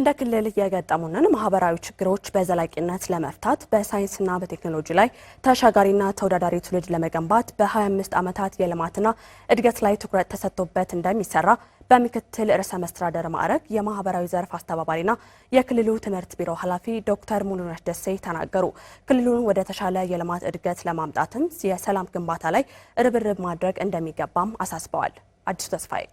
እንደ ክልል የገጠሙንን ማህበራዊ ችግሮች በዘላቂነት ለመፍታት በሳይንስና በቴክኖሎጂ ላይ ተሻጋሪና ተወዳዳሪ ትውልድ ለመገንባት በ25 ዓመታት የልማትና እድገት ላይ ትኩረት ተሰጥቶበት እንደሚሰራ በምክትል ርዕሰ መስተዳደር ማዕረግ የማህበራዊ ዘርፍ አስተባባሪና የክልሉ ትምህርት ቢሮ ኃላፊ ዶክተር ሙሉነሽ ደሴ ተናገሩ። ክልሉን ወደ ተሻለ የልማት እድገት ለማምጣትም የሰላም ግንባታ ላይ ርብርብ ማድረግ እንደሚገባም አሳስበዋል። አዲሱ ተስፋዬ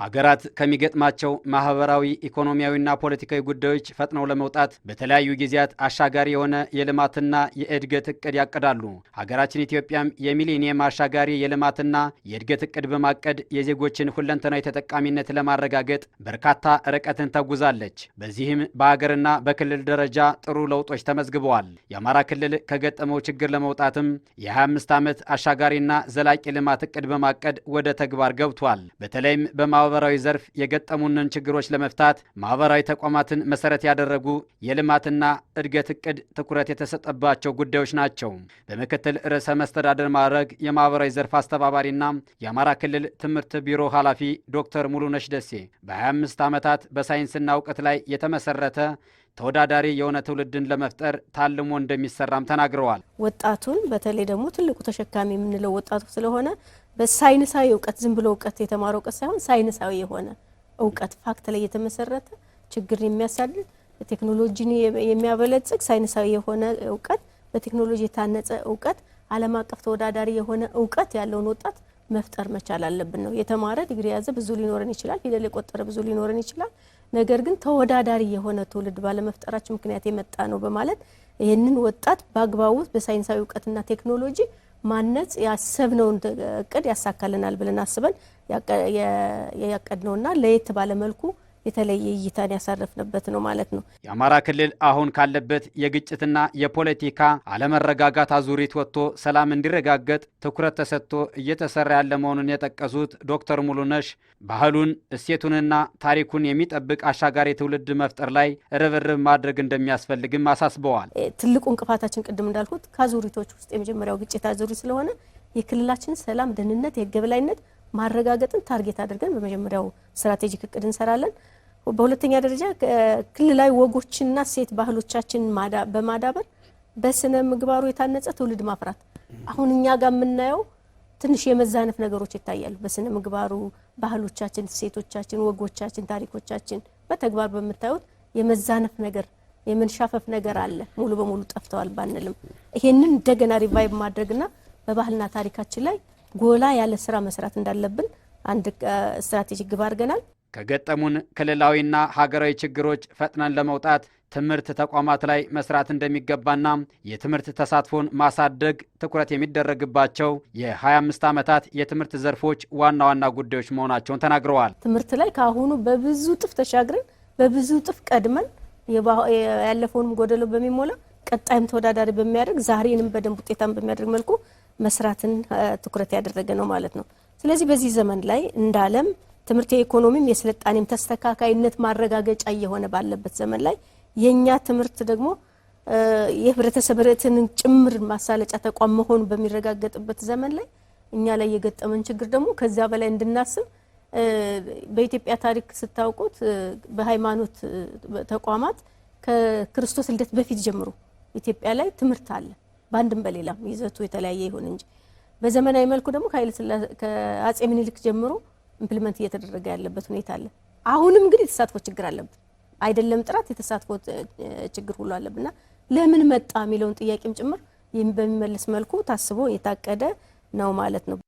ሀገራት ከሚገጥማቸው ማህበራዊ ኢኮኖሚያዊና ፖለቲካዊ ጉዳዮች ፈጥነው ለመውጣት በተለያዩ ጊዜያት አሻጋሪ የሆነ የልማትና የእድገት እቅድ ያቅዳሉ። ሀገራችን ኢትዮጵያም የሚሊኒየም አሻጋሪ የልማትና የእድገት እቅድ በማቀድ የዜጎችን ሁለንተናዊ ተጠቃሚነት ለማረጋገጥ በርካታ ርቀትን ተጉዛለች። በዚህም በሀገርና በክልል ደረጃ ጥሩ ለውጦች ተመዝግበዋል። የአማራ ክልል ከገጠመው ችግር ለመውጣትም የ25 ዓመት አሻጋሪና ዘላቂ ልማት እቅድ በማቀድ ወደ ተግባር ገብቷል። በተለይም በማ በማህበራዊ ዘርፍ የገጠሙንን ችግሮች ለመፍታት ማህበራዊ ተቋማትን መሰረት ያደረጉ የልማትና እድገት እቅድ ትኩረት የተሰጠባቸው ጉዳዮች ናቸው። በምክትል ርዕሰ መስተዳደር ማዕረግ የማህበራዊ ዘርፍ አስተባባሪና የአማራ ክልል ትምህርት ቢሮ ኃላፊ ዶክተር ሙሉነሽ ደሴ በ25 ዓመታት በሳይንስና እውቀት ላይ የተመሰረተ ተወዳዳሪ የሆነ ትውልድን ለመፍጠር ታልሞ እንደሚሰራም ተናግረዋል። ወጣቱን በተለይ ደግሞ ትልቁ ተሸካሚ የምንለው ወጣቱ ስለሆነ በሳይንሳዊ እውቀት ዝም ብሎ እውቀት የተማረ እውቀት ሳይሆን ሳይንሳዊ የሆነ እውቀት ፋክት ላይ የተመሰረተ ችግር የሚያሳልል ቴክኖሎጂን የሚያበለጽግ ሳይንሳዊ የሆነ እውቀት በቴክኖሎጂ የታነጸ እውቀት ዓለም አቀፍ ተወዳዳሪ የሆነ እውቀት ያለውን ወጣት መፍጠር መቻል አለብን ነው። የተማረ ዲግሪ የያዘ ብዙ ሊኖረን ይችላል። ፊደል የቆጠረ ብዙ ሊኖረን ይችላል። ነገር ግን ተወዳዳሪ የሆነ ትውልድ ባለመፍጠራችን ምክንያት የመጣ ነው በማለት ይህንን ወጣት በአግባቡ በሳይንሳዊ እውቀትና ቴክኖሎጂ ማነጽ ያሰብነውን እቅድ ያሳካልናል ብለን አስበን ያቀድነውና ለየት ባለ መልኩ የተለየ እይታን ያሳረፍንበት ነው ማለት ነው። የአማራ ክልል አሁን ካለበት የግጭትና የፖለቲካ አለመረጋጋት አዙሪት ወጥቶ ሰላም እንዲረጋገጥ ትኩረት ተሰጥቶ እየተሰራ ያለ መሆኑን የጠቀሱት ዶክተር ሙሉነሽ ባህሉን እሴቱንና ታሪኩን የሚጠብቅ አሻጋሪ ትውልድ መፍጠር ላይ ርብርብ ማድረግ እንደሚያስፈልግም አሳስበዋል። ትልቁ እንቅፋታችን ቅድም እንዳልኩት ከአዙሪቶች ውስጥ የመጀመሪያው ግጭት አዙሪት ስለሆነ የክልላችን ሰላም፣ ደህንነት፣ የህግ የበላይነት ማረጋገጥን ታርጌት አድርገን በመጀመሪያው ስትራቴጂክ እቅድ እንሰራለን። በሁለተኛ ደረጃ ክልላዊ ወጎችና ሴት ባህሎቻችን በማዳበር በስነ ምግባሩ የታነጸ ትውልድ ማፍራት። አሁን እኛ ጋር የምናየው ትንሽ የመዛነፍ ነገሮች ይታያሉ። በስነ ምግባሩ ባህሎቻችን፣ ሴቶቻችን፣ ወጎቻችን፣ ታሪኮቻችን በተግባር በምታዩት የመዛነፍ ነገር የመንሻፈፍ ነገር አለ። ሙሉ በሙሉ ጠፍተዋል ባንልም ይሄንን እንደገና ሪቫይቭ ማድረግና በባህልና ታሪካችን ላይ ጎላ ያለ ስራ መስራት እንዳለብን አንድ ስትራቴጂክ ግብ አድርገናል። ከገጠሙን ክልላዊና ሀገራዊ ችግሮች ፈጥነን ለመውጣት ትምህርት ተቋማት ላይ መስራት እንደሚገባና የትምህርት ተሳትፎን ማሳደግ ትኩረት የሚደረግባቸው የ25 ዓመታት የትምህርት ዘርፎች ዋና ዋና ጉዳዮች መሆናቸውን ተናግረዋል። ትምህርት ላይ ከአሁኑ በብዙ ጥፍ ተሻግረን በብዙ ጥፍ ቀድመን ያለፈውንም ጎደሎ በሚሞላ ቀጣይም ተወዳዳሪ በሚያደርግ ዛሬንም በደንብ ውጤታም በሚያደርግ መልኩ መስራትን ትኩረት ያደረገ ነው ማለት ነው። ስለዚህ በዚህ ዘመን ላይ እንዳለም ትምህርት የኢኮኖሚም የስልጣኔም ተስተካካይነት ማረጋገጫ እየሆነ ባለበት ዘመን ላይ የእኛ ትምህርት ደግሞ የህብረተሰብ ርዕትንን ጭምር ማሳለጫ ተቋም መሆኑ በሚረጋገጥበት ዘመን ላይ እኛ ላይ የገጠመን ችግር ደግሞ ከዚያ በላይ እንድናስብ በኢትዮጵያ ታሪክ ስታውቁት በሃይማኖት ተቋማት ከክርስቶስ ልደት በፊት ጀምሮ ኢትዮጵያ ላይ ትምህርት አለ። በአንድም በሌላም ይዘቱ የተለያየ ይሁን እንጂ በዘመናዊ መልኩ ደግሞ ከአጼ ምኒልክ ጀምሮ ኢምፕሊመንት እየተደረገ ያለበት ሁኔታ አለ። አሁንም ግን የተሳትፎ ችግር አለብን። አይደለም ጥራት የተሳትፎ ችግር ሁሉ አለብና ለምን መጣ የሚለውን ጥያቄም ጭምር ይህም በሚመልስ መልኩ ታስቦ የታቀደ ነው ማለት ነው።